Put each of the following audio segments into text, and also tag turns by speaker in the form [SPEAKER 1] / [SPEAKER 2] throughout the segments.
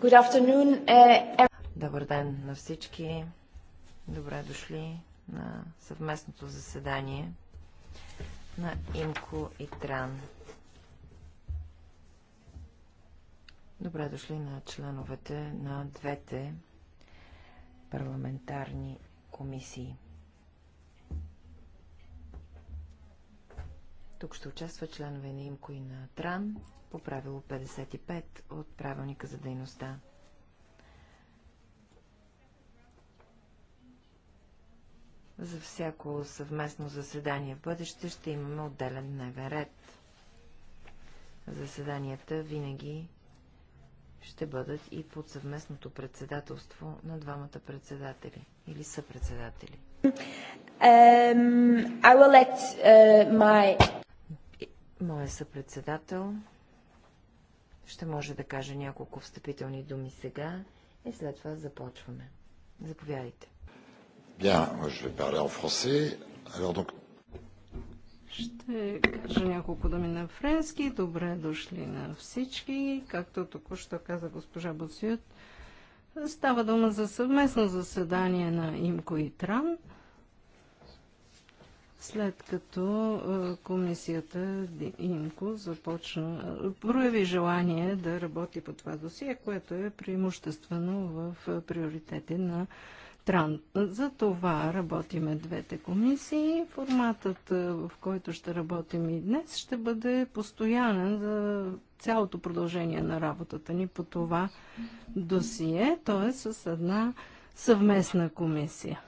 [SPEAKER 1] Good uh, Добър ден на всички. Добре дошли на съвместното заседание на Имко и Тран. Добре дошли на членовете на двете парламентарни комисии. Тук ще участва членове на ИМКО и на ТРАН по правило 55 от правилника за дейността. За всяко съвместно заседание в бъдеще ще имаме отделен дневен ред. Заседанията винаги ще бъдат и под съвместното председателство на двамата председатели или съпредседатели. Um, I will let, uh, my... Моя съпредседател ще може да кажа няколко встъпителни думи сега и след това започваме.
[SPEAKER 2] Заповядайте. Ще кажа няколко думи на френски. Добре дошли на всички. Както току-що каза госпожа Босиот, става дума за съвместно заседание на ИМКО и ТРАН – след като комисията ДИНКО започна, прояви желание да работи по това досие, което е преимуществено в приоритети на Тран. За това работиме двете комисии. Форматът, в който ще работим и днес, ще бъде постоянен за цялото продължение на работата ни по това досие, т.е. с една съвместна комисия.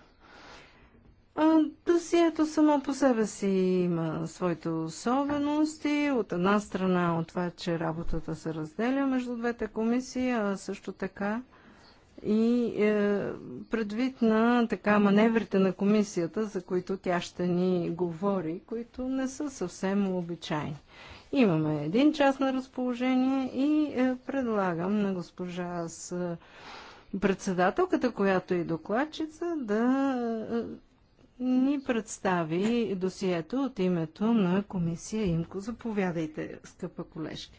[SPEAKER 2] Досието само по себе си има своите особености. От една страна от това, че работата се разделя между двете комисии, а също така и е, предвид на така маневрите на комисията, за които тя ще ни говори, които не са съвсем обичайни. Имаме един час на разположение и е, предлагам на госпожа с е, председателката, която е докладчица, да е, ни представи досието от името на комисия ИМКО. Заповядайте, скъпа колежка.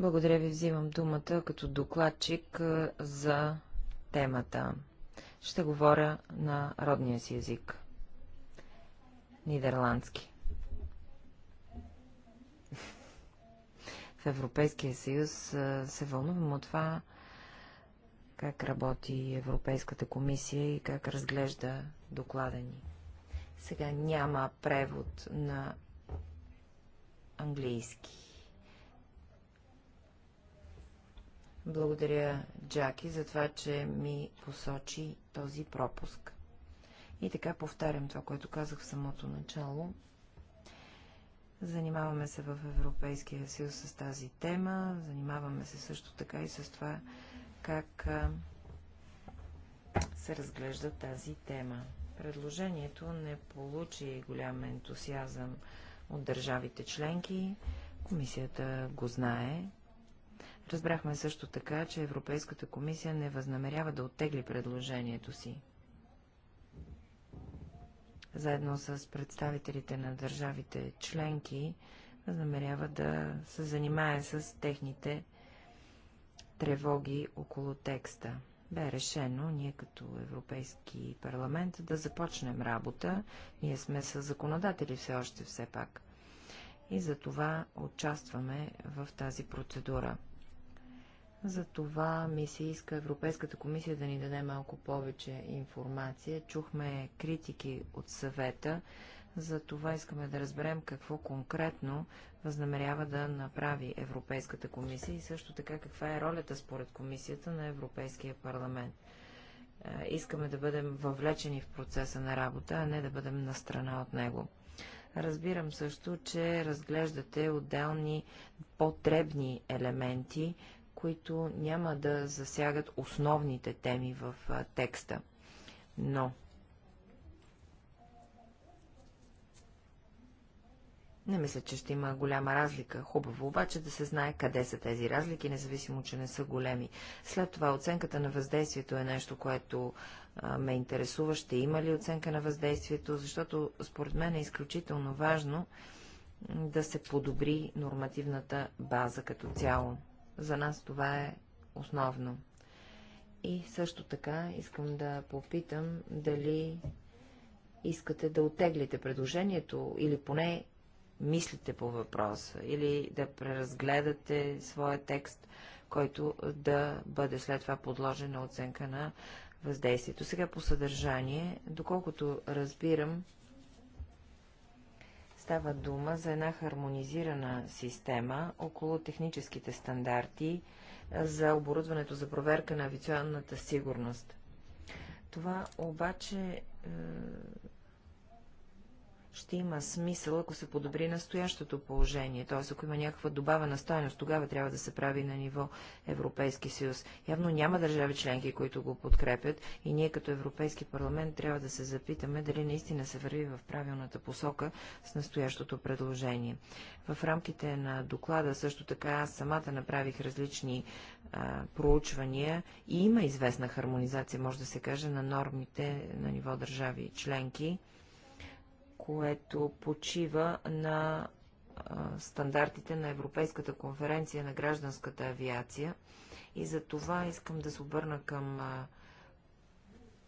[SPEAKER 2] Благодаря ви, взимам думата
[SPEAKER 1] като докладчик за темата. Ще говоря на родния си език. Нидерландски. В Европейския съюз се вълнувам от това, как работи Европейската комисия и как разглежда доклада ни. Сега няма превод на английски. Благодаря, Джаки, за това, че ми посочи този пропуск. И така повтарям това, което казах в самото начало. Занимаваме се в Европейския съюз с тази тема, занимаваме се също така и с това, как се разглежда тази тема. Предложението не получи голям ентусиазъм от държавите членки. Комисията го знае. Разбрахме също така, че Европейската комисия не възнамерява да оттегли предложението си. Заедно с представителите на държавите членки възнамерява да се занимае с техните тревоги около текста. Бе решено ние като Европейски парламент да започнем работа. Ние сме с законодатели все още все пак. И за това участваме в тази процедура. За това ми се иска Европейската комисия да ни даде малко повече информация. Чухме критики от съвета за това искаме да разберем какво конкретно възнамерява да направи Европейската комисия и също така каква е ролята според комисията на Европейския парламент. Е, искаме да бъдем въвлечени в процеса на работа, а не да бъдем на страна от него. Разбирам също, че разглеждате отделни потребни елементи, които няма да засягат основните теми в текста. Но Не мисля, че ще има голяма разлика. Хубаво обаче да се знае къде са тези разлики, независимо, че не са големи. След това оценката на въздействието е нещо, което а, ме интересува. Ще има ли оценка на въздействието, защото според мен е изключително важно да се подобри нормативната база като цяло. За нас това е основно. И също така искам да попитам дали искате да отеглите предложението или поне мислите по въпроса или да преразгледате своя текст, който да бъде след това подложен на оценка на въздействието. Сега по съдържание, доколкото разбирам, става дума за една хармонизирана система около техническите стандарти за оборудването за проверка на авиационната сигурност. Това обаче е, ще има смисъл, ако се подобри настоящото положение, т.е. ако има някаква добавена стойност, тогава трябва да се прави на ниво Европейски съюз. Явно няма държави членки, които го подкрепят и ние като Европейски парламент трябва да се запитаме дали наистина се върви в правилната посока с настоящото предложение. В рамките на доклада също така аз самата направих различни а, проучвания и има известна хармонизация, може да се каже, на нормите на ниво държави членки което почива на стандартите на Европейската конференция на гражданската авиация. И за това искам да се обърна към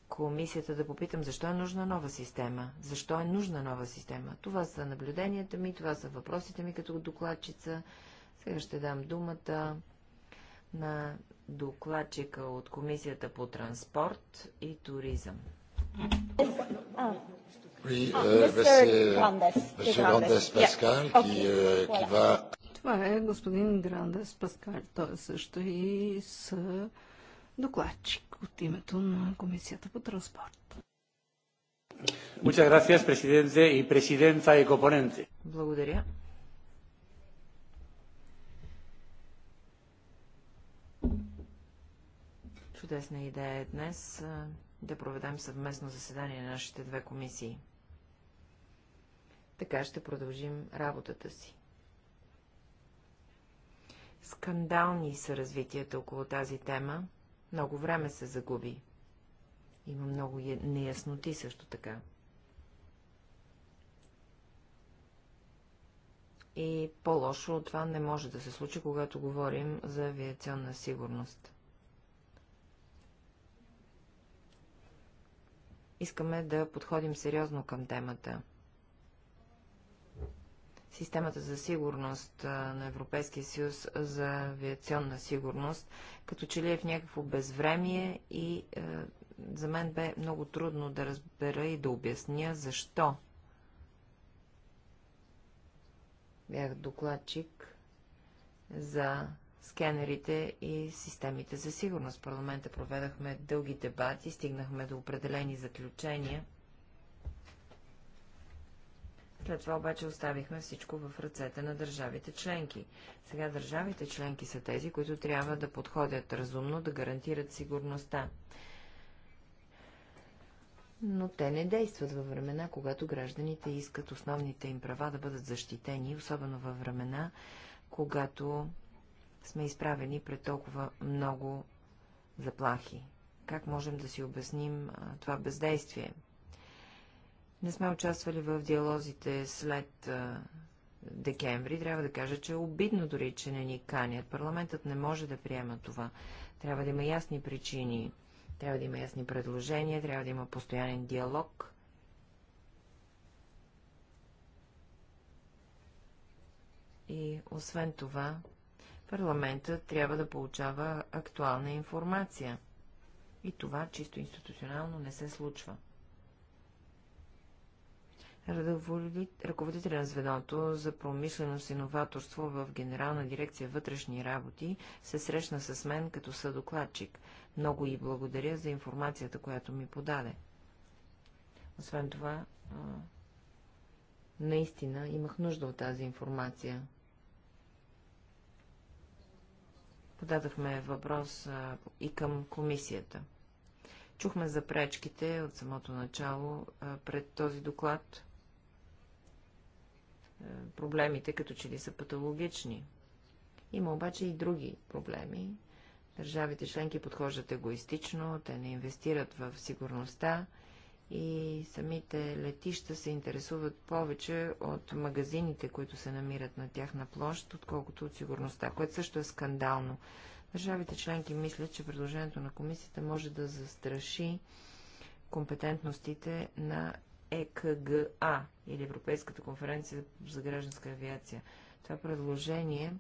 [SPEAKER 1] комисията да попитам, защо е нужна нова система? Защо е нужна нова система? Това са наблюденията ми, това са въпросите ми като докладчица. Сега ще дам думата на докладчика от Комисията по транспорт и туризъм. А, Oui, ah, euh, Monsieur Grandes Pascal, qui, euh, va.
[SPEAKER 2] Това е господин Грандес Паскал. Той е също и с докладчик от името на Комисията по транспорт.
[SPEAKER 3] Muchas gracias, presidente y presidenta y componente.
[SPEAKER 1] Благодаря. Чудесна идея е днес да проведем съвместно заседание на нашите две комисии. Така ще продължим работата си. Скандални са развитията около тази тема. Много време се загуби. Има много неясноти също така. И по-лошо от това не може да се случи, когато говорим за авиационна сигурност. Искаме да подходим сериозно към темата системата за сигурност на Европейския съюз за авиационна сигурност, като че ли е в някакво безвремие и е, за мен бе много трудно да разбера и да обясня защо. Бях докладчик за скенерите и системите за сигурност. В парламента проведахме дълги дебати, стигнахме до определени заключения след това обаче оставихме всичко в ръцете на държавите членки. Сега държавите членки са тези, които трябва да подходят разумно, да гарантират сигурността. Но те не действат във времена, когато гражданите искат основните им права да бъдат защитени, особено във времена, когато сме изправени пред толкова много заплахи. Как можем да си обясним а, това бездействие? Не сме участвали в диалозите след декември. Трябва да кажа, че е обидно дори, че не ни канят. Парламентът не може да приема това. Трябва да има ясни причини, трябва да има ясни предложения, трябва да има постоянен диалог. И освен това, парламентът трябва да получава актуална информация. И това чисто институционално не се случва ръководителя на звеното за промишленост и новаторство в Генерална дирекция вътрешни работи се срещна с мен като съдокладчик. Много и благодаря за информацията, която ми подаде. Освен това, наистина имах нужда от тази информация. Подадахме въпрос и към комисията. Чухме за пречките от самото начало пред този доклад е, проблемите като че ли са патологични. Има обаче и други проблеми. Държавите членки подхождат егоистично, те не инвестират в сигурността и самите летища се интересуват повече от магазините, които се намират на тях на площ, отколкото от сигурността, което също е скандално. Държавите членки мислят, че предложението на комисията може да застраши компетентностите на ЕКГА или Европейската конференция за гражданска авиация. Това предложение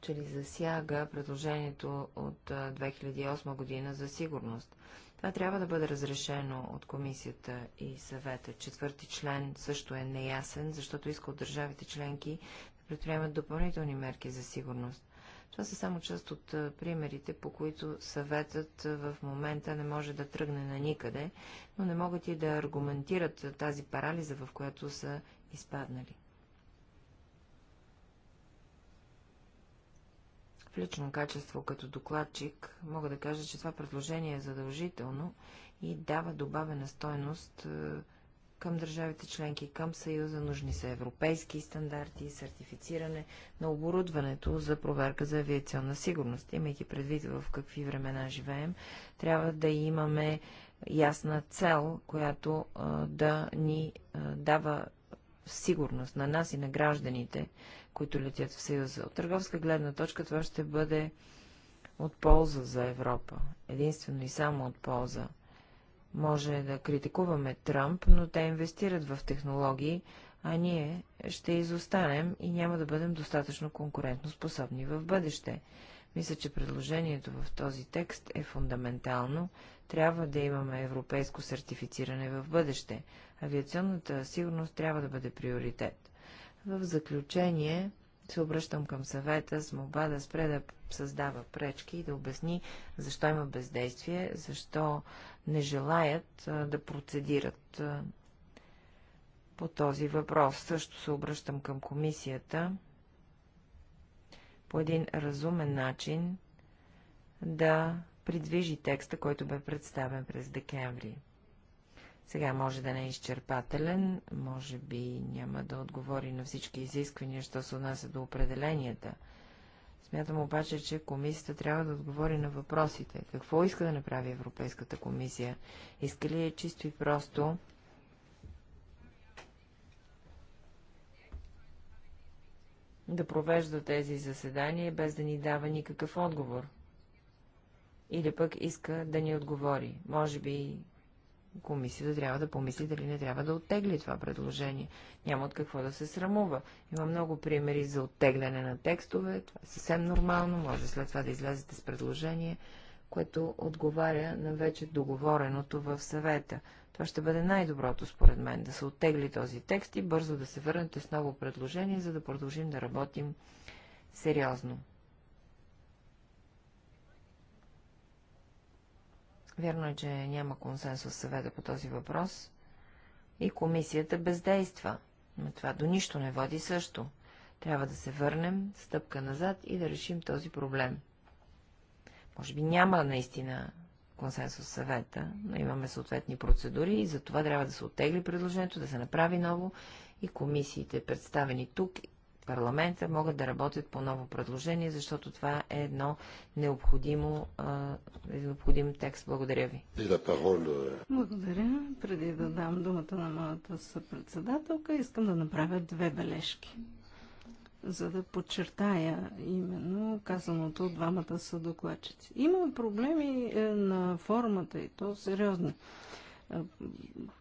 [SPEAKER 1] че ли засяга предложението от 2008 година за сигурност. Това трябва да бъде разрешено от комисията и съвета. Четвърти член също е неясен, защото иска от държавите членки да предприемат допълнителни мерки за сигурност. Това са само част от примерите, по които съветът в момента не може да тръгне на никъде, но не могат и да аргументират тази парализа, в която са изпаднали. В лично качество като докладчик мога да кажа, че това предложение е задължително и дава добавена стойност към държавите членки, към Съюза. Нужни са европейски стандарти и сертифициране на оборудването за проверка за авиационна сигурност. Имайки предвид в какви времена живеем, трябва да имаме ясна цел, която а, да ни а, дава сигурност на нас и на гражданите, които летят в Съюза. От търговска гледна точка това ще бъде от полза за Европа. Единствено и само от полза. Може да критикуваме Тръмп, но те инвестират в технологии, а ние ще изостанем и няма да бъдем достатъчно конкурентно способни в бъдеще. Мисля, че предложението в този текст е фундаментално. Трябва да имаме европейско сертифициране в бъдеще. Авиационната сигурност трябва да бъде приоритет. В заключение се обръщам към съвета с моба да спре да създава пречки и да обясни защо има бездействие, защо не желаят да процедират по този въпрос. Също се обръщам към комисията по един разумен начин да придвижи текста, който бе представен през декември. Сега може да не е изчерпателен, може би няма да отговори на всички изисквания, що се отнася до определенията – Смятам обаче, че комисията трябва да отговори на въпросите. Какво иска да направи Европейската комисия? Иска ли е чисто и просто да провежда тези заседания, без да ни дава никакъв отговор? Или пък иска да ни отговори? Може би комисията трябва да помисли дали не трябва да оттегли това предложение. Няма от какво да се срамува. Има много примери за оттегляне на текстове. Това е съвсем нормално. Може след това да излезете с предложение, което отговаря на вече договореното в съвета. Това ще бъде най-доброто, според мен, да се оттегли този текст и бързо да се върнете с ново предложение, за да продължим да работим сериозно. Вярно е, че няма консенсус съвета по този въпрос и комисията бездейства, но това до нищо не води също. Трябва да се върнем стъпка назад и да решим този проблем. Може би няма наистина консенсус съвета, но имаме съответни процедури и за това трябва да се оттегли предложението, да се направи ново и комисиите, представени тук парламента могат да работят по ново предложение, защото това е едно необходимо, е необходим текст. Благодаря ви.
[SPEAKER 2] Е. Благодаря. Преди да дам думата на моята съпредседателка, искам да направя две бележки за да подчертая именно казаното от двамата са докладчици. Има проблеми е, на формата и то сериозни. Е,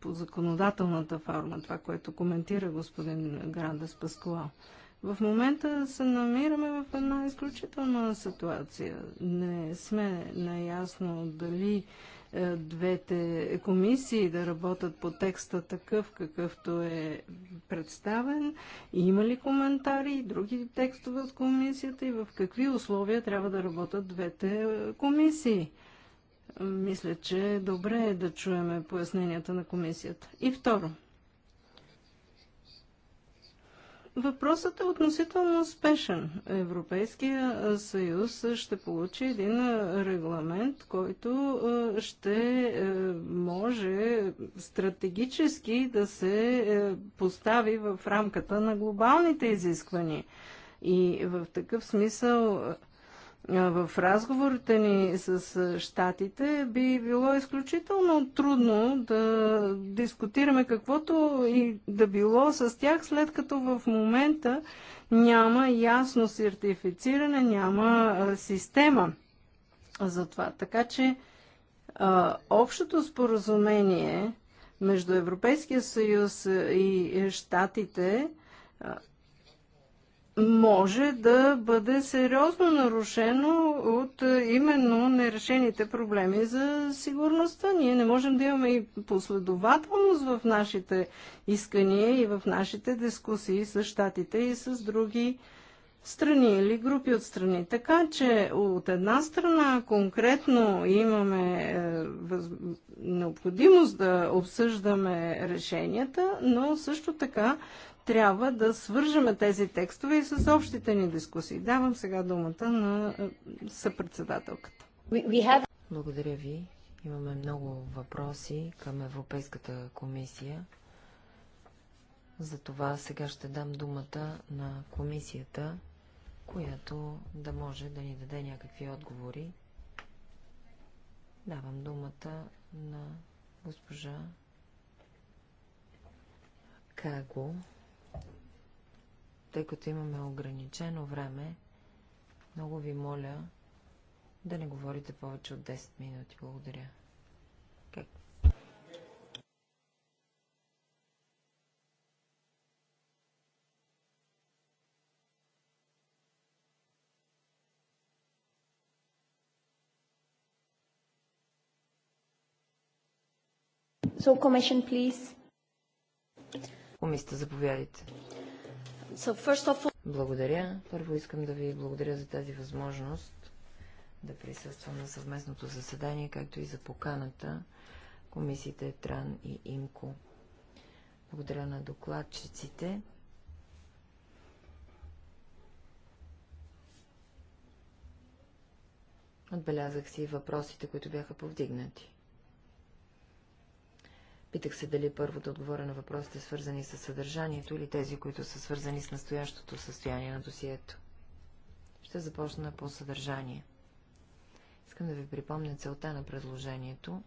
[SPEAKER 2] по законодателната форма, това, което коментира господин Грандес Паскуал. В момента се намираме в една изключителна ситуация. Не сме наясно дали е, двете комисии да работят по текста такъв, какъвто е представен? Има ли коментари и други текстове от комисията и в какви условия трябва да работят двете комисии? Мисля, че добре е да чуеме поясненията на комисията. И второ, Въпросът е относително успешен. Европейския съюз ще получи един регламент, който ще е, може стратегически да се е, постави в рамката на глобалните изисквания. И в такъв смисъл в разговорите ни с щатите би било изключително трудно да дискутираме каквото и да било с тях, след като в момента няма ясно сертифициране, няма система за това. Така че общото споразумение между Европейския съюз и щатите може да бъде сериозно нарушено от е, именно нерешените проблеми за сигурността. Ние не можем да имаме и последователност в нашите искания и в нашите дискусии с щатите и с други страни или групи от страни. Така че от една страна конкретно имаме е, необходимост да обсъждаме решенията, но също така трябва да свържеме тези текстове и с общите ни дискусии. Давам сега думата на е, съпредседателката. Благодаря ви. Имаме много въпроси
[SPEAKER 1] към Европейската комисия. Затова сега ще дам думата на комисията, която да може да ни даде някакви отговори. Давам думата на госпожа Каго тъй като имаме ограничено време, много ви моля да не говорите повече от 10 минути. Благодаря.
[SPEAKER 3] So, commission, please.
[SPEAKER 1] Комисията, заповядайте. Благодаря. Първо искам да ви благодаря за тази възможност да присъствам на съвместното заседание, както и за поканата комисиите Тран и Имко. Благодаря на докладчиците. Отбелязах си въпросите, които бяха повдигнати. Питах се дали първо да отговоря на въпросите, свързани с съдържанието или тези, които са свързани с настоящото състояние на досието. Ще започна по съдържание. Искам да ви припомня целта на предложението.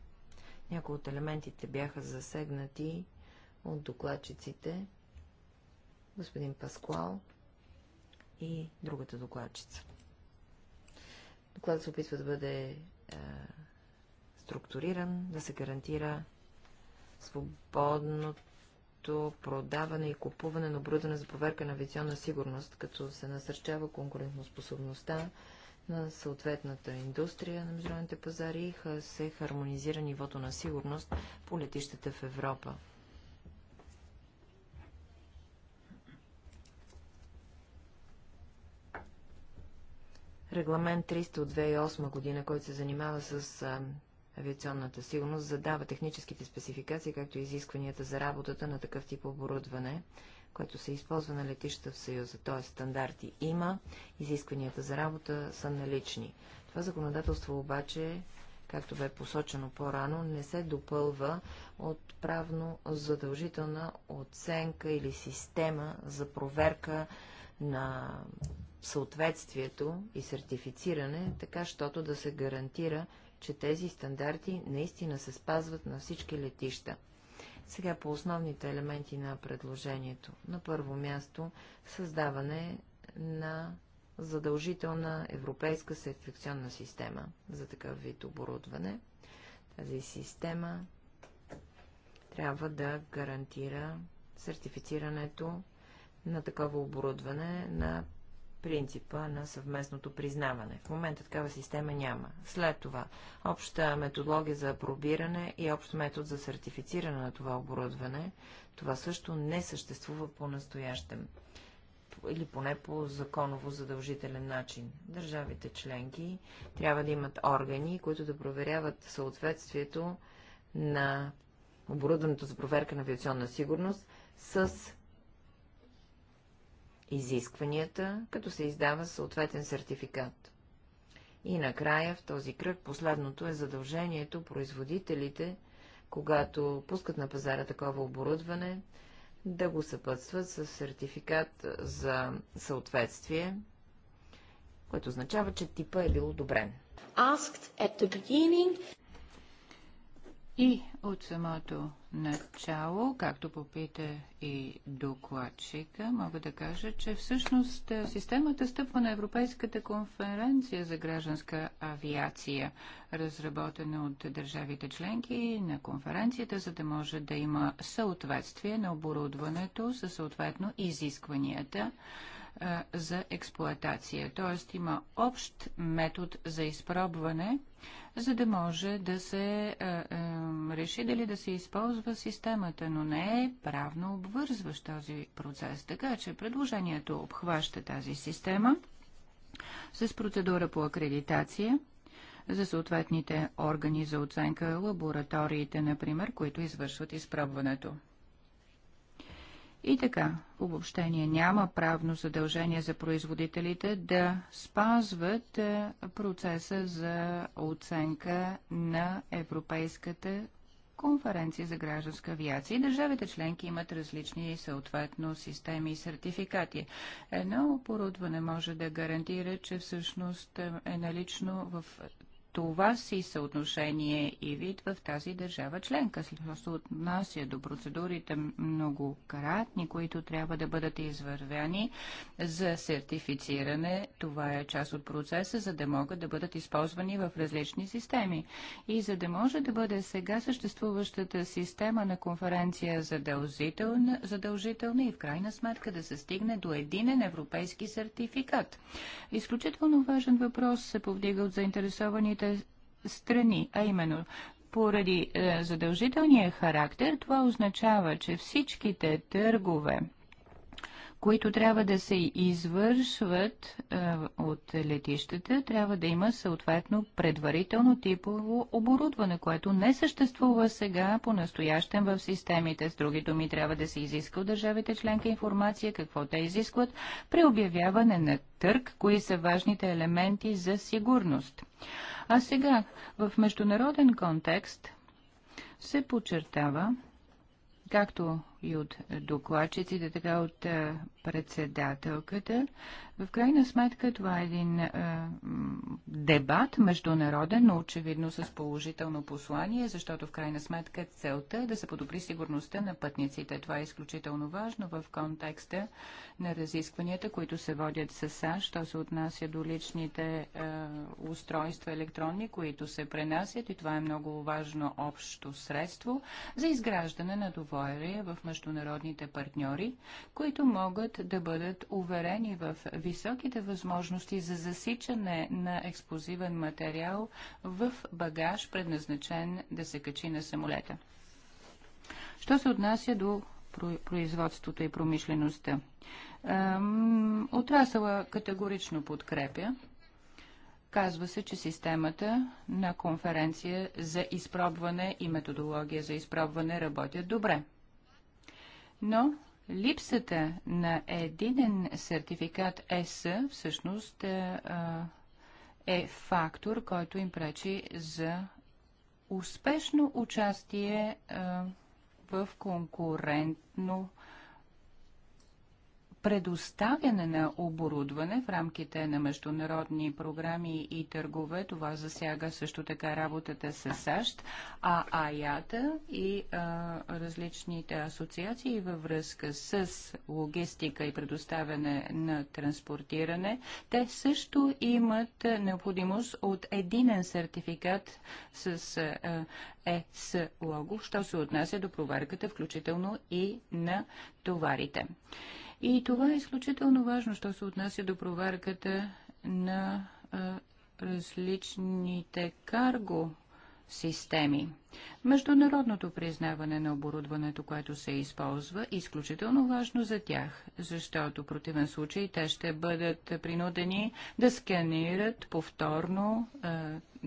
[SPEAKER 1] Някои от елементите бяха засегнати от докладчиците, господин Паскуал и другата докладчица. Докладът се опитва да бъде е, структуриран, да се гарантира свободното продаване и купуване на оборудване за проверка на авиационна сигурност, като се насърчава конкурентоспособността на съответната индустрия на международните пазари и се хармонизира нивото на сигурност по летищата в Европа. Регламент 300 от 2008 година, който се занимава с авиационната сигурност задава техническите спецификации, както и изискванията за работата на такъв тип оборудване, което се използва на летища в Съюза. Т.е. стандарти има, изискванията за работа са налични. Това законодателство обаче, както бе посочено по-рано, не се допълва от правно задължителна оценка или система за проверка на съответствието и сертифициране, така, щото да се гарантира че тези стандарти наистина се спазват на всички летища. Сега по основните елементи на предложението. На първо място създаване на задължителна европейска сертификационна система за такъв вид оборудване. Тази система трябва да гарантира сертифицирането на такова оборудване на принципа на съвместното признаване. В момента такава система няма. След това обща методология за пробиране и общ метод за сертифициране на това оборудване, това също не съществува по-настоящем или поне по законово задължителен начин. Държавите членки трябва да имат органи, които да проверяват съответствието на оборудването за проверка на авиационна сигурност с изискванията, като се издава съответен сертификат. И накрая, в този кръг, последното е задължението производителите, когато пускат на пазара такова оборудване, да го съпътстват с сертификат за съответствие, което означава, че типа е бил одобрен. И от
[SPEAKER 3] самото начало, както попита и докладчика, мога да кажа, че всъщност е, системата стъпва на Европейската конференция за гражданска авиация, разработена от държавите членки на конференцията, за да може да има съответствие на оборудването със съответно изискванията за експлоатация. Т.е. има общ метод за изпробване, за да може да се е, е, реши дали да се използва системата, но не е правно обвързващ този процес. Така че предложението обхваща тази система с процедура по акредитация за съответните органи за оценка, лабораториите, например, които извършват изпробването. И така, обобщение няма правно задължение за производителите да спазват е, процеса за оценка на Европейската конференция за гражданска авиация. И държавите членки имат различни съответно системи и сертификати. Едно оборудване може да гарантира, че всъщност е налично в това си съотношение и вид в тази държава членка. Това се отнася до процедурите многократни, които трябва да бъдат извървяни за сертифициране, това е част от процеса, за да могат да бъдат използвани в различни системи. И за да може да бъде сега съществуващата система на конференция задължителна, задължителна и в крайна сметка да се стигне до единен европейски сертификат. Изключително важен въпрос се повдига от заинтересованите двете страни, а именно поради е, задължителния характер, това означава, че всичките търгове, които трябва да се извършват е, от летищата, трябва да има съответно предварително типово оборудване, което не съществува сега по-настоящен в системите. С други думи, трябва да се изиска от държавите членка информация какво те изискват при обявяване на търг, кои са важните елементи за сигурност. А сега, в международен контекст, се подчертава, както и от докладчиците, така от председателката. В крайна сметка това е един е, дебат международен, но очевидно с положително послание, защото в крайна сметка целта е да се подобри сигурността на пътниците. Това е изключително важно в контекста на разискванията, които се водят с САЩ, що се отнася до личните е, устройства електронни, които се пренасят и това е много важно общо средство за изграждане на доверие в международните партньори, които могат да бъдат уверени в високите възможности за засичане на експлозивен материал в багаж, предназначен да се качи на самолета. Що се отнася до производството и промишлеността? Отрасъла категорично подкрепя Казва се, че системата на конференция за изпробване и методология за изпробване работят добре. Но Липсата на единен сертификат ЕС всъщност е, е, фактор, който им пречи за успешно участие е, в конкурентно предоставяне на оборудване в рамките на международни програми и търгове. Това засяга също така работата с САЩ, а АЯТА и а, различните асоциации във връзка с логистика и предоставяне на транспортиране. Те също имат необходимост от единен сертификат с а, ЕС лого, що се отнася до проверката, включително и на товарите. И това е изключително важно, що се отнася до проверката на а, различните карго системи. Международното признаване на оборудването, което се използва, е изключително важно за тях, защото в противен случай те ще бъдат принудени да сканират повторно е,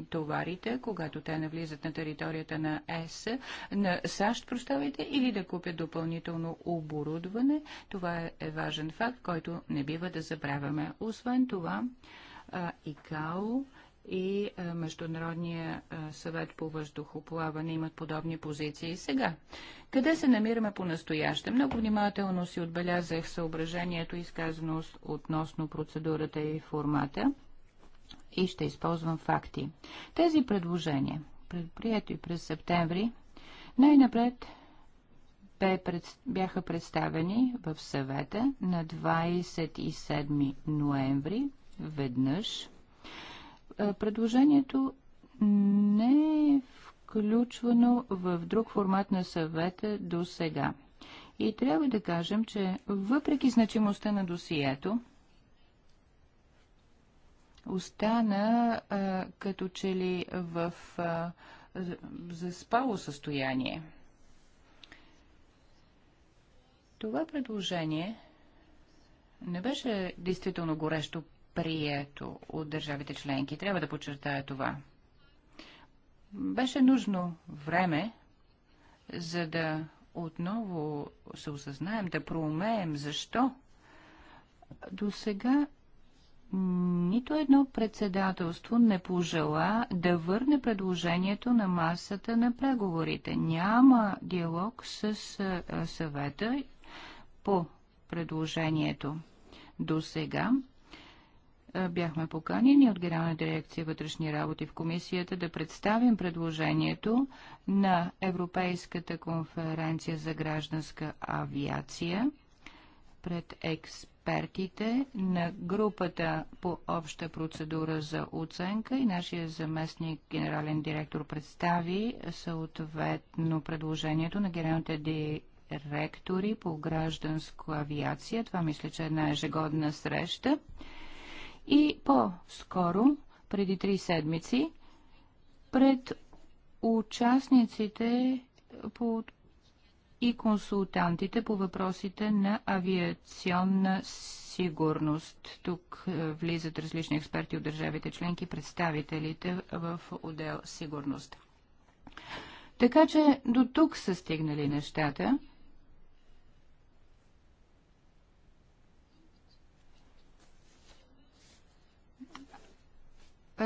[SPEAKER 3] товарите, когато те навлизат на територията на ЕС, на САЩ, прощавайте, или да купят допълнително оборудване. Това е важен факт, който не бива да забравяме. Освен това, е, ИКАО, е, и е, Международния е, съвет по въздухоплаване имат подобни позиции. Сега, къде се намираме по-настояще? Много внимателно си отбелязах съображението, изказано относно процедурата и формата и ще използвам факти. Тези предложения, предприето и през септември, най-напред бяха представени в съвета на 27 ноември веднъж – е, предложението не е включвано в друг формат на съвета до сега. И трябва да кажем, че въпреки значимостта на досието, остана а, е, като че ли в а, е, заспало състояние. Това предложение не беше действително горещо прието от държавите членки. Трябва да подчертая това. Беше нужно време, за да отново се осъзнаем, да проумеем защо до сега нито едно председателство не пожела да върне предложението на масата на преговорите. Няма диалог с съвета по предложението. До сега е, бяхме поканени от Генерална дирекция вътрешни работи в комисията да представим предложението на Европейската конференция за гражданска авиация пред експертите на групата по обща процедура за оценка и нашия заместник генерален директор представи съответно предложението на генералната дирекция ректори по гражданска авиация. Това мисля, че е една ежегодна среща. И по-скоро, преди три седмици, пред участниците по и консултантите по въпросите на авиационна сигурност. Тук е, влизат различни експерти от държавите членки, представителите в отдел сигурност. Така че до тук са стигнали нещата.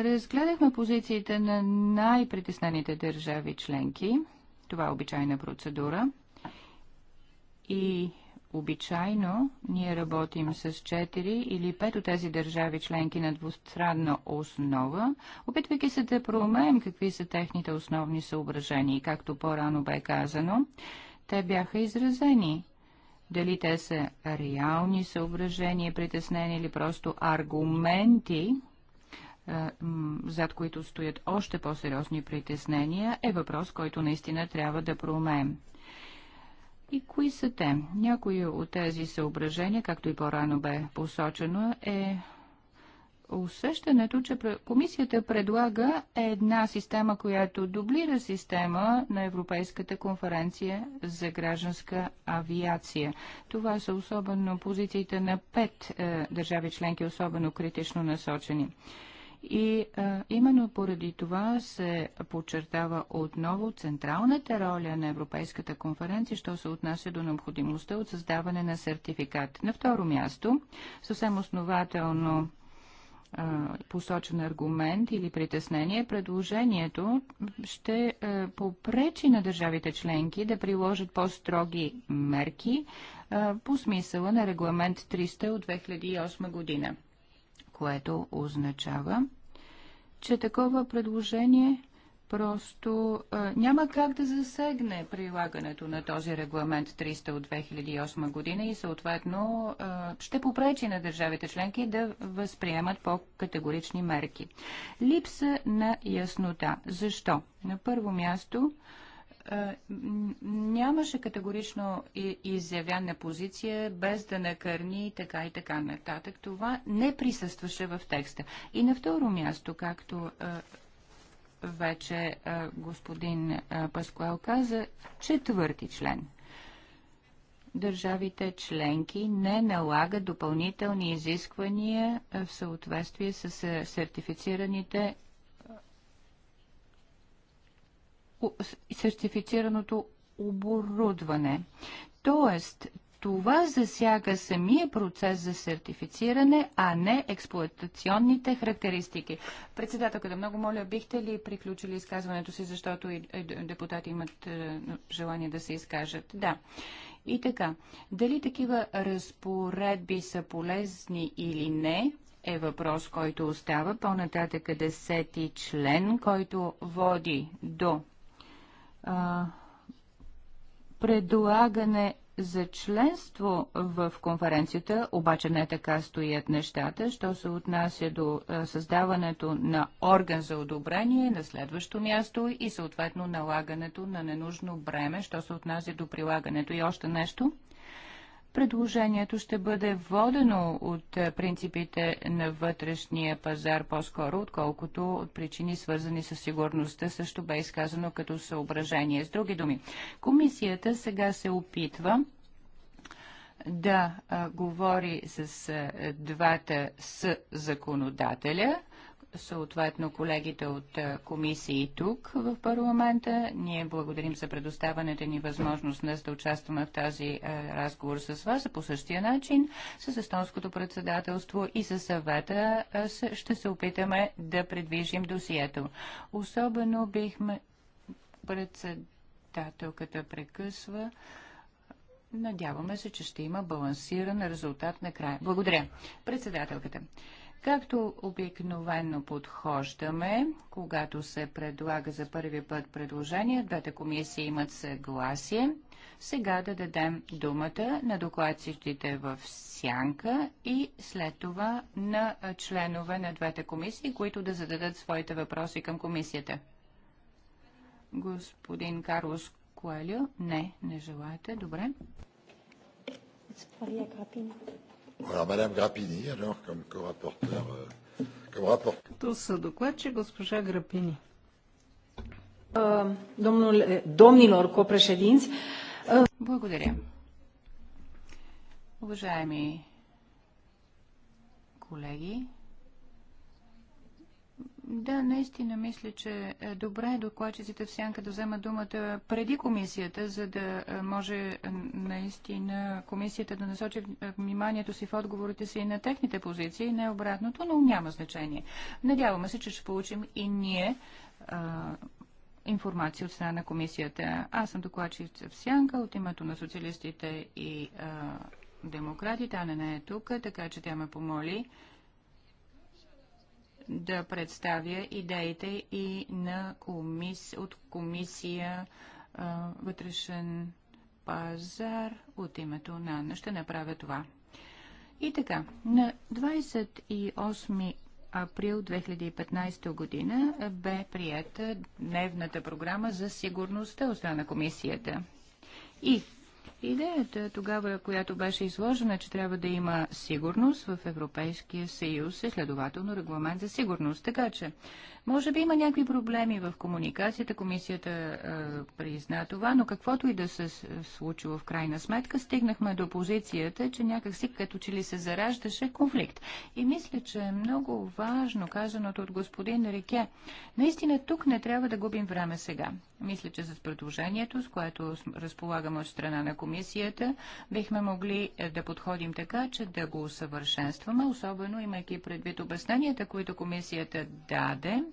[SPEAKER 3] Разгледахме позициите на най-притеснените държави членки. Това е обичайна процедура. И обичайно ние работим с 4 или 5 от тези държави членки на двустранна основа, опитвайки се да проумеем какви са техните основни съображения. Както по-рано бе казано, те бяха изразени дали те са реални съображения, притеснени или просто аргументи, зад които стоят още по-сериозни притеснения, е въпрос, който наистина трябва да проумеем. И кои са те? Някои от тези съображения, както и по-рано бе посочено, е усещането, че комисията предлага една система, която дублира система на Европейската конференция за гражданска авиация. Това са особено позициите на пет е, държави членки, особено критично насочени. И а, именно поради това се подчертава отново централната роля на Европейската конференция, що се отнася до необходимостта от създаване на сертификат. На второ място, съвсем основателно посочен аргумент или притеснение, предложението ще попречи на държавите членки да приложат по-строги мерки по смисъла на регламент 300 от 2008 година което означава, че такова предложение просто а, няма как да засегне прилагането на този регламент 300 от 2008 година и съответно а, ще попречи на държавите членки да възприемат по-категорични мерки. Липса на яснота. Защо? На първо място е, нямаше категорично изявяна позиция, без да накърни и така и така нататък. Това не присъстваше в текста. И на второ място, както е, вече е, господин Паскуел каза, четвърти член. Държавите членки не налагат допълнителни изисквания в съответствие с сертифицираните сертифицираното оборудване. Тоест, това засяга самия процес за сертифициране, а не експлуатационните характеристики. Председателката, много моля, бихте ли приключили изказването си, защото и депутати имат е, желание да се изкажат? Да. И така, дали такива разпоредби са полезни или не, е въпрос, който остава по-нататък 10 член, който води до а, предлагане за членство в конференцията, обаче не така стоят нещата, що се отнася до създаването на орган за одобрение на следващо място и съответно налагането на ненужно бреме, що се отнася до прилагането. И още нещо. Предложението ще бъде водено от е, принципите на вътрешния пазар по-скоро, отколкото от причини свързани с сигурността, също бе изказано като съображение. С други думи, комисията сега се опитва да а, говори с а, е, двата с законодателя – съответно колегите от е, комисии тук в парламента. Ние благодарим за предоставената ни възможност днес да участваме в тази е, разговор с вас. По същия начин с естонското председателство и със съвета е, ще се опитаме да предвижим досието. Особено бихме председателката прекъсва. Надяваме се, че ще има балансиран резултат накрая. Благодаря. Председателката. Както обикновено подхождаме, когато се предлага за първи път предложение, двете комисии имат съгласие. Сега да дадем думата на докладчиците в сянка и след това на членове на двете комисии, които да зададат своите въпроси към комисията. Господин Карлос Коелио? Не, не желаете. Добре.
[SPEAKER 2] Voilà, Madame Grappini, alors, comme co-rapporteur. Comme rapport... Tu са докладчи госпожа Грапини. Domnule, domnilor copreședinți. Благодаря.
[SPEAKER 3] Уважаеми колеги, да, наистина мисля, че е добре е докладчиците в сянка да вземат думата преди комисията, за да е, може е, наистина комисията да насочи вниманието си в отговорите си и на техните позиции, не обратното, но няма значение. Надяваме се, че ще получим и ние а, информация от страна на комисията. Аз съм докладчица в сянка от името на социалистите и а, демократите. Ана не е тук, така че тя ме помоли да представя идеите и на комис... от комисия а, вътрешен пазар от името на Анна. Ще направя това. И така, на 28 април 2015 година бе прията дневната програма за сигурността от страна на комисията. И Идеята е тогава, която беше изложена, че трябва да има сигурност в Европейския съюз и е следователно регламент за сигурност. Така че, може би има някакви проблеми в комуникацията, комисията е, призна това, но каквото и да се случило в крайна сметка, стигнахме до позицията, че някакси като че ли се зараждаше конфликт. И мисля, че е много важно казаното от господин Рике. Наистина тук не трябва да губим време сега. Мисля, че с предложението, с което разполагаме от страна на комисията, бихме могли е, да подходим така, че да го усъвършенстваме, особено имайки предвид обясненията, които комисията даде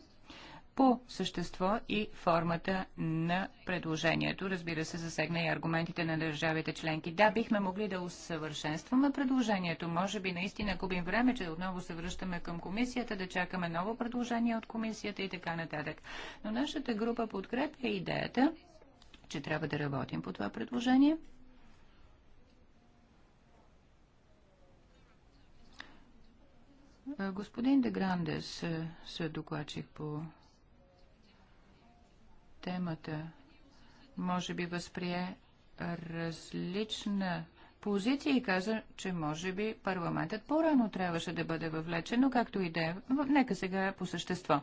[SPEAKER 3] по същество и формата на предложението. Разбира се, засегна и аргументите на държавите членки. Да, бихме могли да усъвършенстваме предложението. Може би наистина губим време, че отново се връщаме към комисията, да чакаме ново предложение от комисията и така нататък. Но нашата група подкрепя идеята, че трябва да работим по това предложение. Господин Деграндес се докладчих по темата може би възприе различна позиция и каза, че може би парламентът по-рано трябваше да бъде въвлечен, но както и да е, нека сега по същество.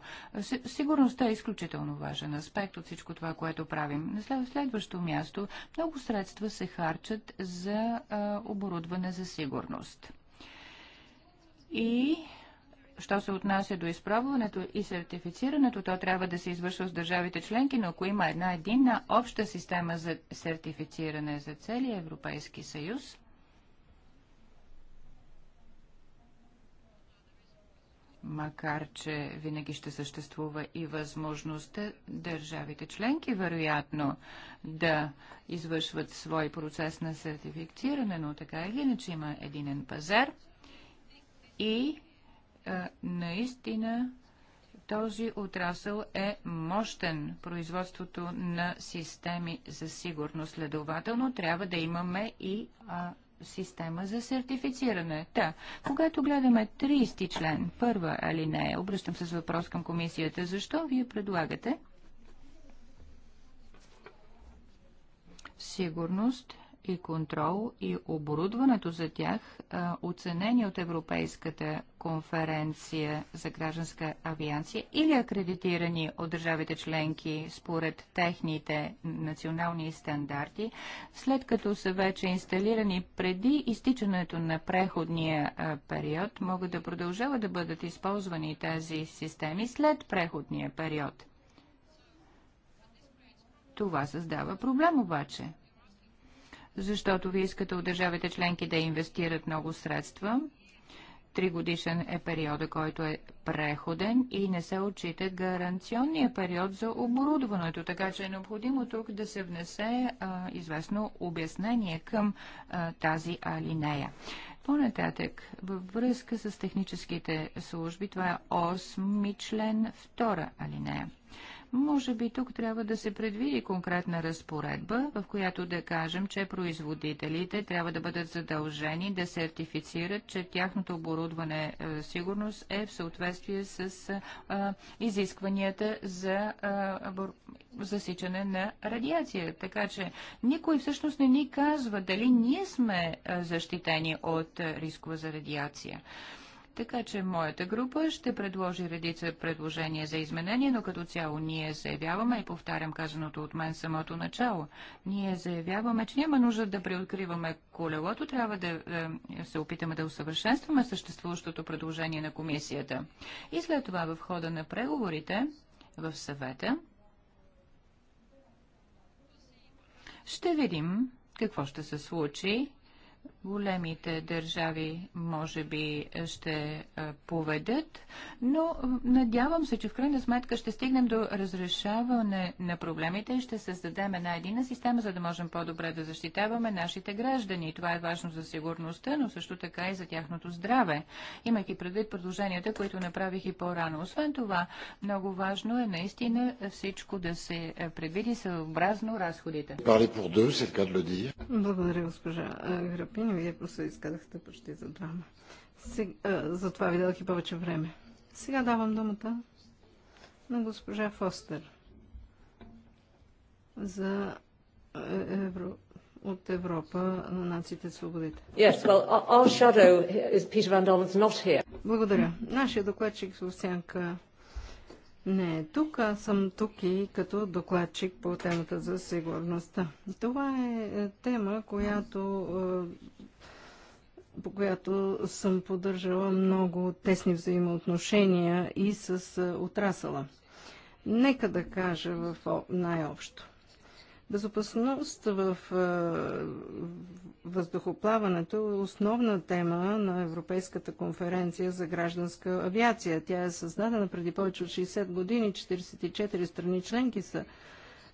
[SPEAKER 3] Сигурността е изключително важен аспект от всичко това, което правим. На следващо място, много средства се харчат за а, оборудване за сигурност. И Що се отнася до изпробването и сертифицирането, то трябва да се извършва с държавите членки, но ако има една единна обща система за сертифициране за целия Европейски съюз, макар че винаги ще съществува и възможността държавите членки, вероятно, да извършват свой процес на сертифициране, но така или иначе има единен пазар и наистина този отрасъл е мощен производството на системи за сигурност. Следователно трябва да имаме и а, система за сертифициране. Та, когато гледаме 30 член, първа алинея, обръщам се с въпрос към комисията, защо вие предлагате сигурност и контрол и оборудването за тях, оценени от Европейската конференция за гражданска авиация или акредитирани от държавите членки според техните национални стандарти, след като са вече инсталирани преди изтичането на преходния период, могат да продължават да бъдат използвани тези системи след преходния период. Това създава проблем обаче защото вие искате от държавите членки да инвестират много средства Тригодишен е периода, който е преходен и не се отчита гаранционния период за оборудването, така че е необходимо тук да се внесе а, известно обяснение към а, тази алинея. По-нататък, във връзка с техническите служби, това е 8 член, 2 алинея. Може би тук трябва да се предвиди конкретна разпоредба, в която да кажем, че производителите трябва да бъдат задължени да сертифицират, че тяхното оборудване е, сигурност е в съответствие с е, изискванията за е, засичане на радиация. Така че никой всъщност не ни казва дали ние сме защитени от рискова за радиация. Така че моята група ще предложи редица предложения за изменение, но като цяло ние заявяваме и повтарям казаното от мен самото начало. Ние заявяваме, че няма нужда да преоткриваме колелото, трябва да е, се опитаме да усъвършенстваме съществуващото предложение на комисията. И след това в хода на преговорите в съвета ще видим какво ще се случи големите държави може би ще поведат, но надявам се, че в крайна сметка ще стигнем до разрешаване на проблемите и ще създадем една едина система, за да можем по-добре да защитаваме нашите граждани. Това е важно за сигурността, но също така и за тяхното здраве, имайки предвид предложенията, които направих и по-рано. Освен това, много важно е наистина всичко да се предвиди съобразно разходите.
[SPEAKER 2] Благодаря, госпожа Грапин изказване. Ами, вие просто изказахте почти за двама. затова ви дадох и повече време. Сега давам думата на госпожа Фостер за Евро, от Европа на нациите и свободите. Yes, well, our shadow is Peter Van Dolen's not here. Благодаря. Нашия докладчик в сянка не е тук, аз съм тук и като докладчик по темата за сигурността. Това е, е тема, която, е, по която съм поддържала много тесни взаимоотношения и с е, отрасъла. Нека да кажа в най-общо. Безопасност в въздухоплаването е основна тема на Европейската конференция за гражданска авиация. Тя е създадена преди повече от 60 години. 44 страни членки са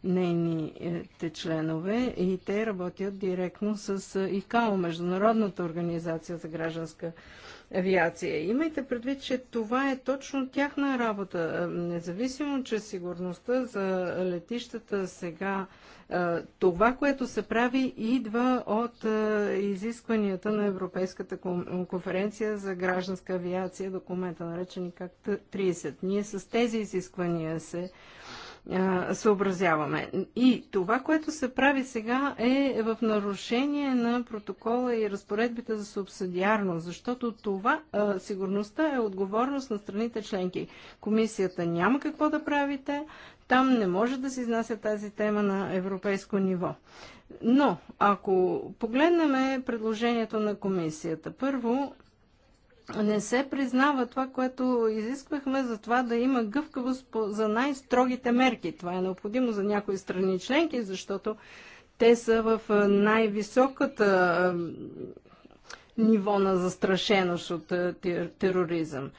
[SPEAKER 2] нейните членове и те работят директно с ИКАО, Международната организация за гражданска авиация авиация. Имайте предвид, че това е точно тяхна работа. Е, независимо, че сигурността за летищата сега, е, това, което се прави, идва от е, изискванията на Европейската конференция за гражданска авиация, документа наречени как 30. Ние с тези изисквания се съобразяваме. И това, което се прави сега е в нарушение на протокола и разпоредбите за субсидиарност, защото това а, сигурността е отговорност на страните членки. Комисията няма какво да правите, там не може да се изнася тази тема на европейско ниво. Но, ако погледнем предложението на комисията, първо не се признава това, което изисквахме за това да има гъвкавост за най-строгите мерки. Това е необходимо за някои страни членки, защото те са в най-високата ниво на застрашеност от тероризъм.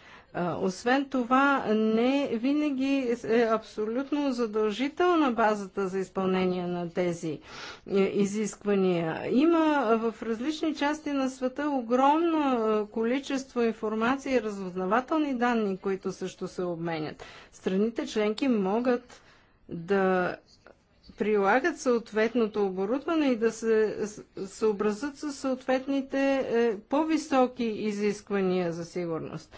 [SPEAKER 2] Освен това, не винаги е абсолютно задължителна базата за изпълнение на тези е, изисквания. Има в различни части на света огромно е, количество информация и разузнавателни данни, които също се обменят. Страните членки могат да прилагат съответното оборудване и да се съобразят с съответните е, по-високи изисквания за сигурност.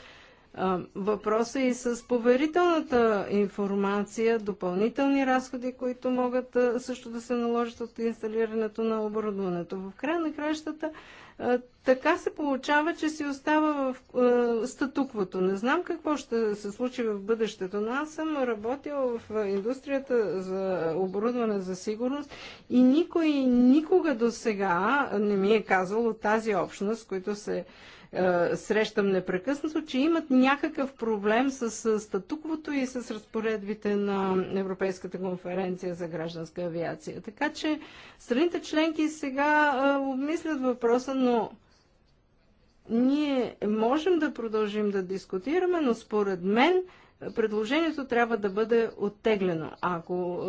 [SPEAKER 2] Въпросът е и с поверителната информация, допълнителни разходи, които могат също да се наложат от инсталирането на оборудването. В края на кращата така се получава, че си остава в статуквото. Не знам какво ще се случи в бъдещето, но аз съм работила в индустрията за оборудване за сигурност и никой никога до сега не ми е казал от тази общност, които се е, срещам непрекъснато, че имат някакъв проблем с статуквото и с разпоредбите на Европейската конференция за гражданска авиация. Така че страните членки сега е, обмислят въпроса, но ние можем да продължим да дискутираме, но според мен предложението трябва да бъде оттеглено. Ако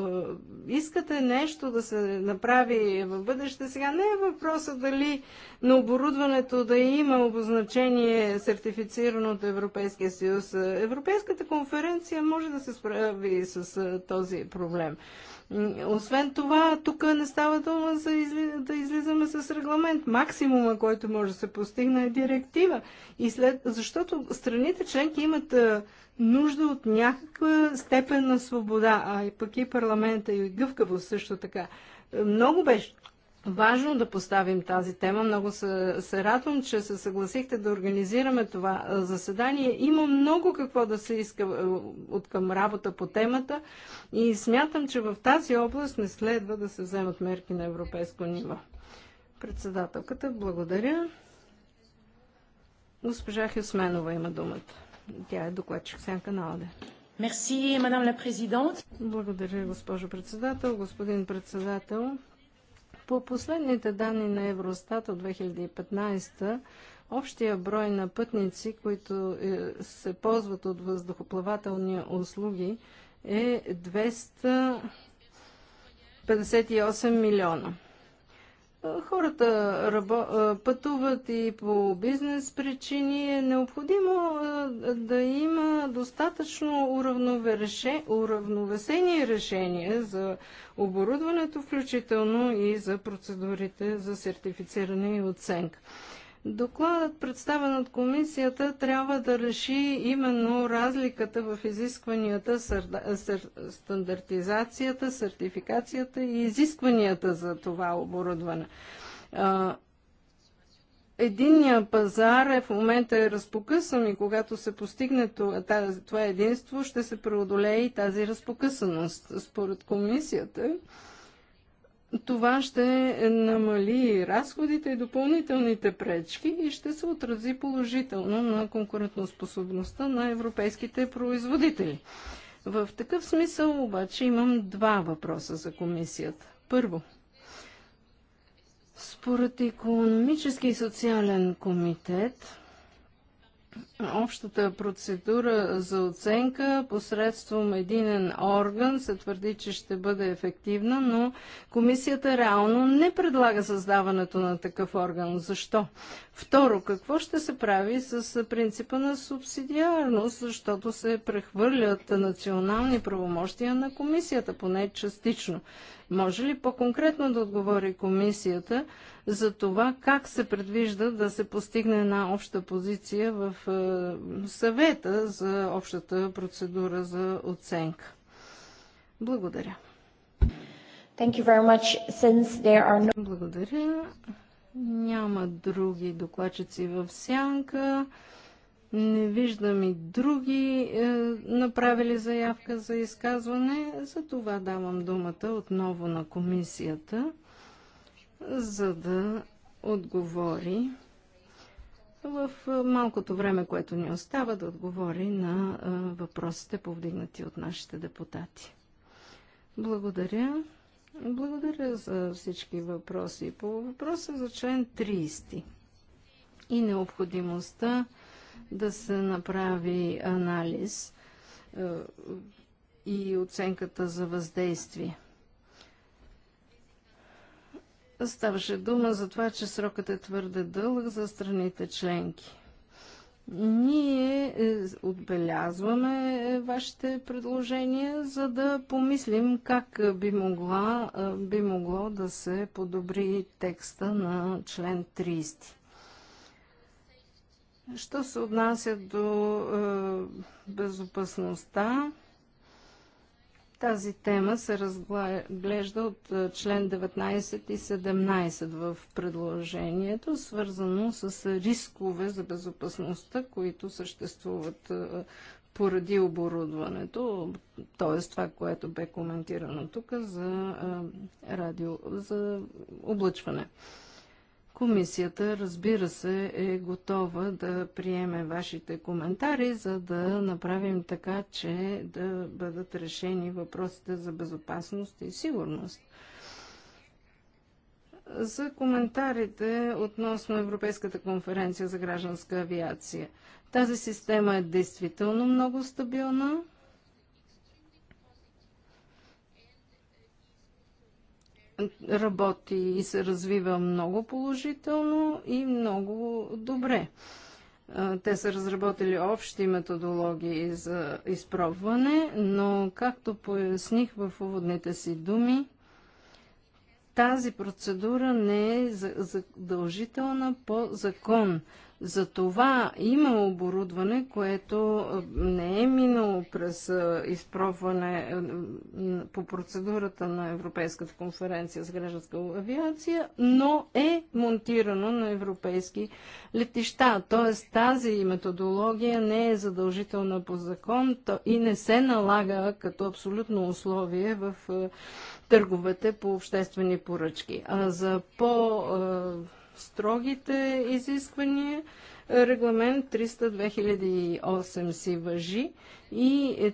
[SPEAKER 2] е, искате нещо да се направи в бъдеще, сега не е въпроса дали на оборудването да има обозначение сертифицирано от Европейския съюз. Европейската конференция може да се справи с е, този проблем. Освен това, тук не става дума за изли... да излизаме с регламент. Максимума, който може да се постигне е директива. И след... Защото страните членки имат е, нужда от някаква степен на свобода, а и пък и парламента и гъвкавост също така. Много беше важно да поставим тази тема. Много се, се радвам, че се съгласихте да организираме това заседание. Има много какво да се иска от към работа по темата и смятам, че в тази област не следва да се вземат мерки на европейско ниво. Председателката, благодаря. Госпожа Хюсменова има думата. Тя е докладчик Сянка на ОДЕ. Мерси, мадам ла президент. Благодаря, госпожо председател. Господин председател, по последните данни на Евростат от 2015 общия брой на пътници, които е, се ползват от въздухоплавателни услуги, е 258 милиона. Хората рабо, пътуват и по бизнес причини. Е необходимо да има достатъчно уравновесени решения за оборудването, включително и за процедурите за сертифициране и оценка. Докладът, представен от комисията, трябва да реши именно разликата в изискванията, стандартизацията, сертификацията и изискванията за това оборудване. Единия пазар е в момента е разпокъсан и когато се постигне това единство, ще се преодолее и тази разпокъсаност. Според комисията, това ще намали разходите и допълнителните пречки и ще се отрази положително на конкурентоспособността на европейските производители. В такъв смисъл обаче имам два въпроса за комисията. Първо, според економически и социален комитет, общата процедура за оценка посредством единен орган се твърди, че ще бъде ефективна, но комисията реално не предлага създаването на такъв орган. Защо? Второ, какво ще се прави с принципа на субсидиарност, защото се прехвърлят национални правомощия на комисията, поне частично. Може ли по-конкретно да отговори комисията за това как се предвижда да се постигне една обща позиция в е, е, съвета за общата процедура за оценка. Благодаря. Thank you very much. Since there are no... Благодаря. Няма други докладчици в сянка. Не виждам и други е, направили заявка за изказване. За това давам думата отново на комисията, за да отговори в малкото време, което ни остава, да отговори на въпросите, повдигнати от нашите депутати. Благодаря. Благодаря за всички въпроси. По въпроса за член 30 и необходимостта да се направи анализ и оценката за въздействие – Ставаше дума за това, че срокът е твърде дълъг за страните членки. Ние е, отбелязваме е, вашите предложения, за да помислим как е, би, могла, би могло да се подобри текста на член 30. Що се отнася до е, безопасността, тази тема се разглежда от член 19 и 17 в предложението, свързано с рискове за безопасността, които съществуват поради оборудването, т.е. това, което бе коментирано тук за, радио, за облъчване. Комисията, разбира се, е готова да приеме вашите коментари, за да направим така, че да бъдат решени въпросите за безопасност и сигурност. За коментарите относно Европейската конференция за гражданска авиация. Тази система е действително много стабилна. работи и се развива много положително и много добре. Те са разработили общи методологии за изпробване, но както поясних в уводните си думи, тази процедура не е задължителна по закон. Затова има оборудване, което не е минало през изпробване по процедурата на Европейската конференция за гражданска авиация, но е монтирано на европейски летища. Т.е. тази методология не е задължителна по закон и не се налага като абсолютно условие в търговете по обществени поръчки. А за по-строгите изисквания регламент 300-2008 си въжи и е,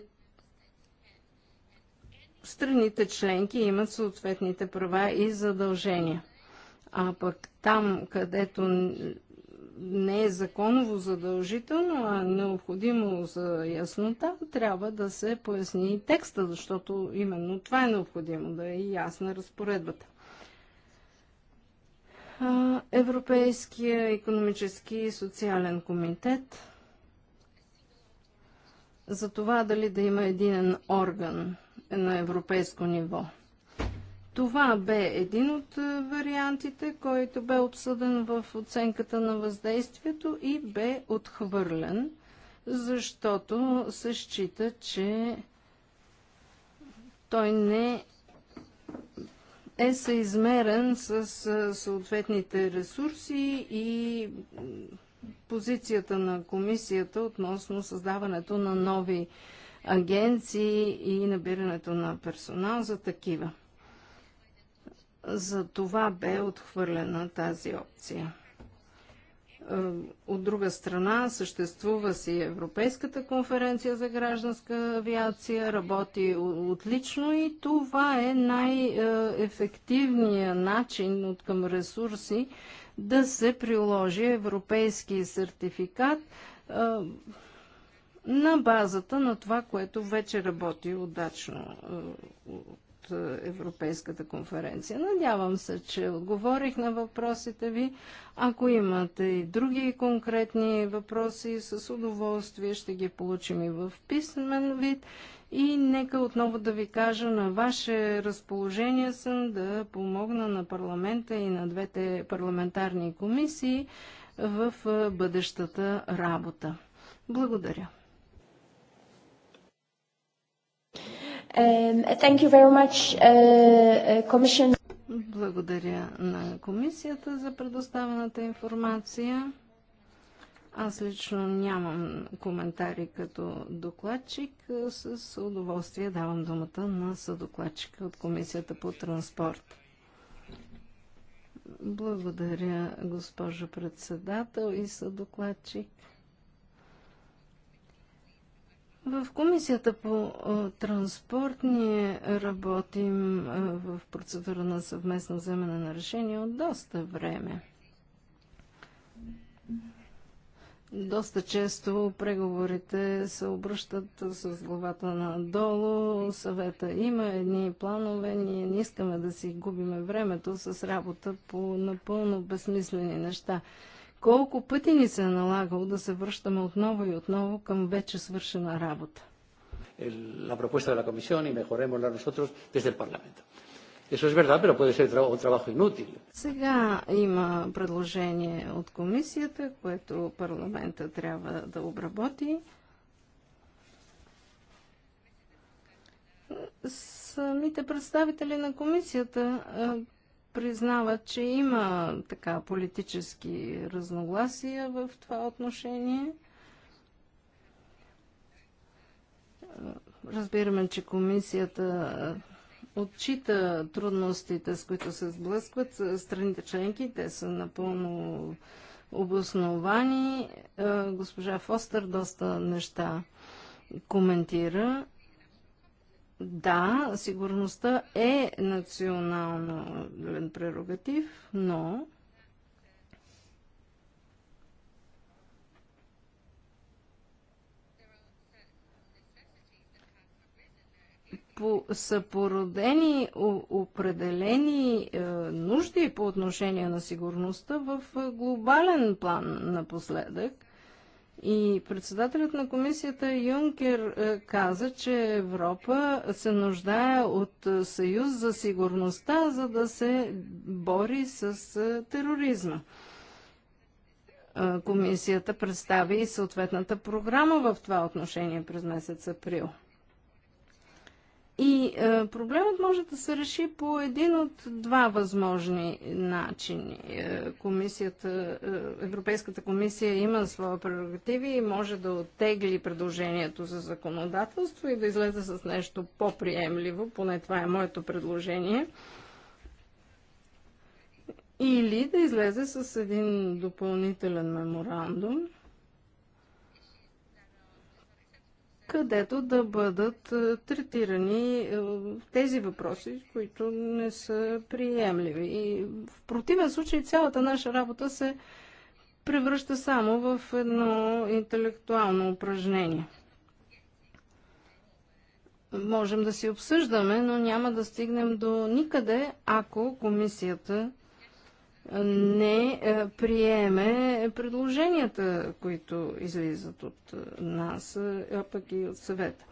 [SPEAKER 2] страните членки имат съответните права и задължения. А пък там, където не е законово задължително, а необходимо за яснота, трябва да се поясни текста, защото именно това е необходимо, да е ясна разпоредбата. Европейския економически и социален комитет за това дали да има единен орган на европейско ниво – това бе един от е, вариантите, който бе обсъден в оценката на въздействието и бе отхвърлен, защото се счита, че той не е съизмерен с е, съответните ресурси и позицията на комисията относно създаването на нови агенции и набирането на персонал за такива. За това бе отхвърлена тази опция. Е, от друга страна, съществува си Европейската конференция за гражданска авиация, работи отлично и това е най-ефективният начин от към ресурси да се приложи европейски сертификат е, на базата на това, което вече работи удачно е, от е, Европейската конференция. Надявам се, че отговорих на въпросите ви. Ако имате и други конкретни въпроси, с удоволствие ще ги получим и в писмен вид. И нека отново да ви кажа, на ваше разположение съм да помогна на парламента и на двете парламентарни комисии в е, бъдещата работа. Благодаря.
[SPEAKER 3] Um, thank you very much, uh, uh,
[SPEAKER 2] Благодаря на комисията за предоставената информация. Аз лично нямам коментари като докладчик. С удоволствие давам думата на съдокладчика от Комисията по транспорт. Благодаря, госпожо председател и съдокладчик. В комисията по транспорт ние работим в процедура на съвместно вземане на решение от доста време. Доста често преговорите се обръщат с главата надолу, съвета има едни планове, ние не искаме да си губиме времето с работа по напълно безсмислени неща колко пъти ни се е налагало да се връщаме отново и отново към вече свършена работа.
[SPEAKER 3] La propuesta de la Comisión y mejoremosla nosotros desde el Parlamento. Eso es verdad, pero puede ser un trabajo inútil.
[SPEAKER 2] Сега има предложение от комисията, което парламента трябва да обработи. Самите представители на комисията признават, че има така политически разногласия в това отношение. Разбираме, че комисията отчита трудностите, с които се сблъскват страните членки. Те са напълно обосновани. Госпожа Фостер доста неща коментира. Да, сигурността е национално прерогатив, но по, са породени определени е, нужди по отношение на сигурността в е, глобален план напоследък. И председателят на комисията Юнкер е, каза, че Европа се нуждае от е, съюз за сигурността, за да се бори с е, тероризма. Комисията представи и съответната програма в това отношение през месец април. И е, проблемът може да се реши по един от два възможни начини. Е, комисията, е, Европейската комисия има своя прерогативи и може да оттегли предложението за законодателство и да излезе с нещо по-приемливо, поне това е моето предложение. Или да излезе с един допълнителен меморандум, където да бъдат е, третирани е, тези въпроси, които не са приемливи. И в противен случай цялата наша работа се превръща само в едно интелектуално упражнение. Можем да си обсъждаме, но няма да стигнем до никъде, ако комисията не е, приеме предложенията, които излизат от е, нас, е, а пък и от съвета.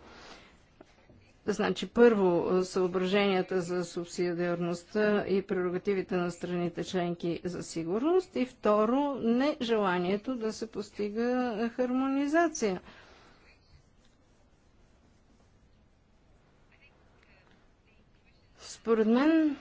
[SPEAKER 2] Значи, първо, съображенията за субсидиарността и прерогативите на страните членки за сигурност и второ, нежеланието да се постига хармонизация. Според мен,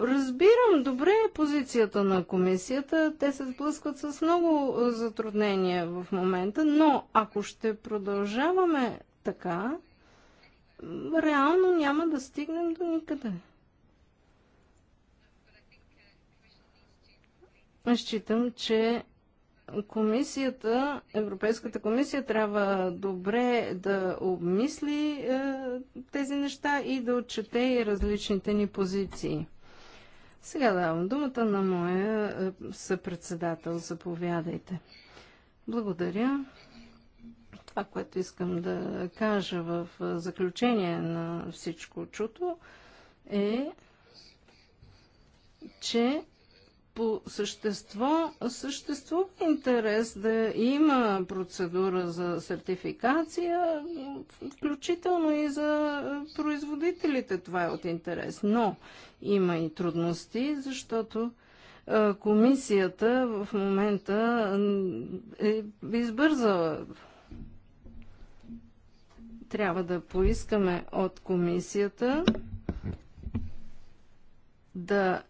[SPEAKER 2] Разбирам добре е позицията на комисията. Те се сблъскват с много е, затруднения в момента, но ако ще продължаваме така, реално няма да стигнем до никъде. Считам, че комисията, Европейската комисия трябва добре да обмисли е, тези неща и да отчете и различните ни позиции. Сега давам думата на моя е, съпредседател. Заповядайте. Благодаря. Това, което искам да кажа в е, заключение на всичко чуто е, че по същество съществува интерес да има процедура за сертификация, включително и за производителите това е от интерес. Но има и трудности, защото комисията в момента е избързала. Трябва да поискаме от комисията да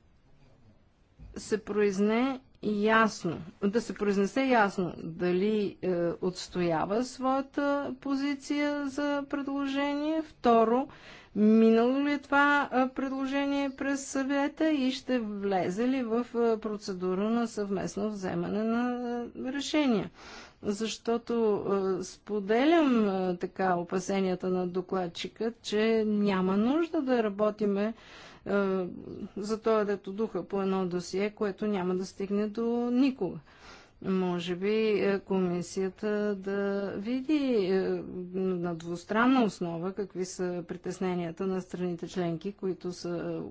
[SPEAKER 2] се произне ясно, да се произнесе ясно дали е, отстоява своята позиция за предложение. Второ, минало ли е това е, предложение през съвета и ще влезе ли в е, процедура на съвместно вземане на е, решения. Защото е, споделям е, така опасенията на докладчика, че няма нужда да работиме е, е, за този е дето духа по едно досие, което няма да стигне до никога. Може би е, комисията да види на двустранна основа какви са притесненията на страните членки, които са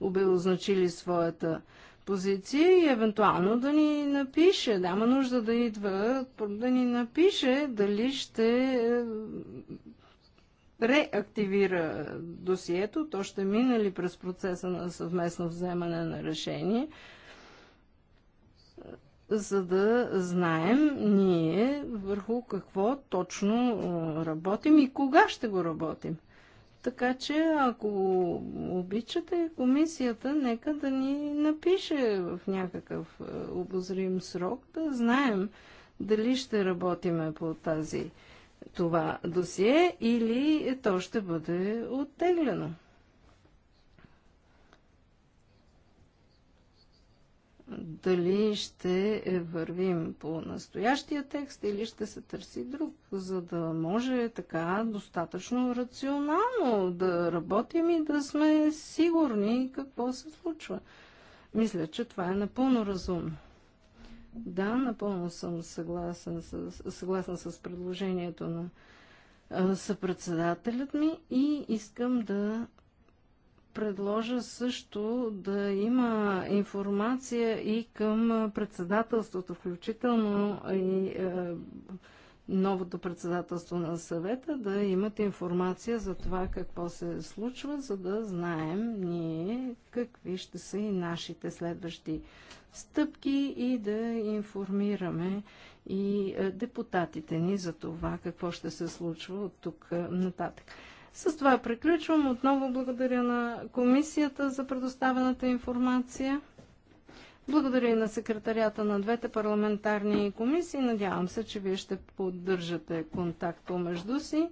[SPEAKER 2] обелозначили своята позиция и евентуално да ни напише, няма нужда да идва, да ни напише дали ще реактивира досието, то ще мине ли през процеса на съвместно вземане на решение, за да знаем ние върху какво точно работим и кога ще го работим. Така че, ако обичате комисията, нека да ни напише в някакъв обозрим срок, да знаем дали ще работиме по тази това досие или то ще бъде оттеглено. Дали ще вървим по настоящия текст или ще се търси друг, за да може така достатъчно рационално да работим и да сме сигурни какво се случва. Мисля, че това е напълно разумно. Да, напълно съм съгласен с, съгласна с предложението на съпредседателят ми и искам да предложа също да има информация и към председателството, включително и е, новото председателство на съвета да имат информация за това какво се случва, за да знаем ние какви ще са и нашите следващи стъпки и да информираме и е, депутатите ни за това какво ще се случва от тук е, нататък. С това приключвам. Отново благодаря на комисията за предоставената информация. Благодаря и на секретарията на двете парламентарни комисии. Надявам се, че вие ще поддържате контакт помежду си.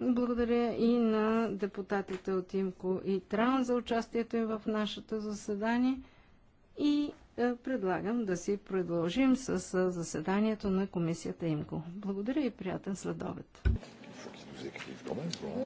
[SPEAKER 2] Благодаря и на депутатите от ИМКО и ТРАН за участието им в нашето заседание и е, предлагам да си продължим с е, заседанието на комисията ИМКО. Благодаря и приятен следобед.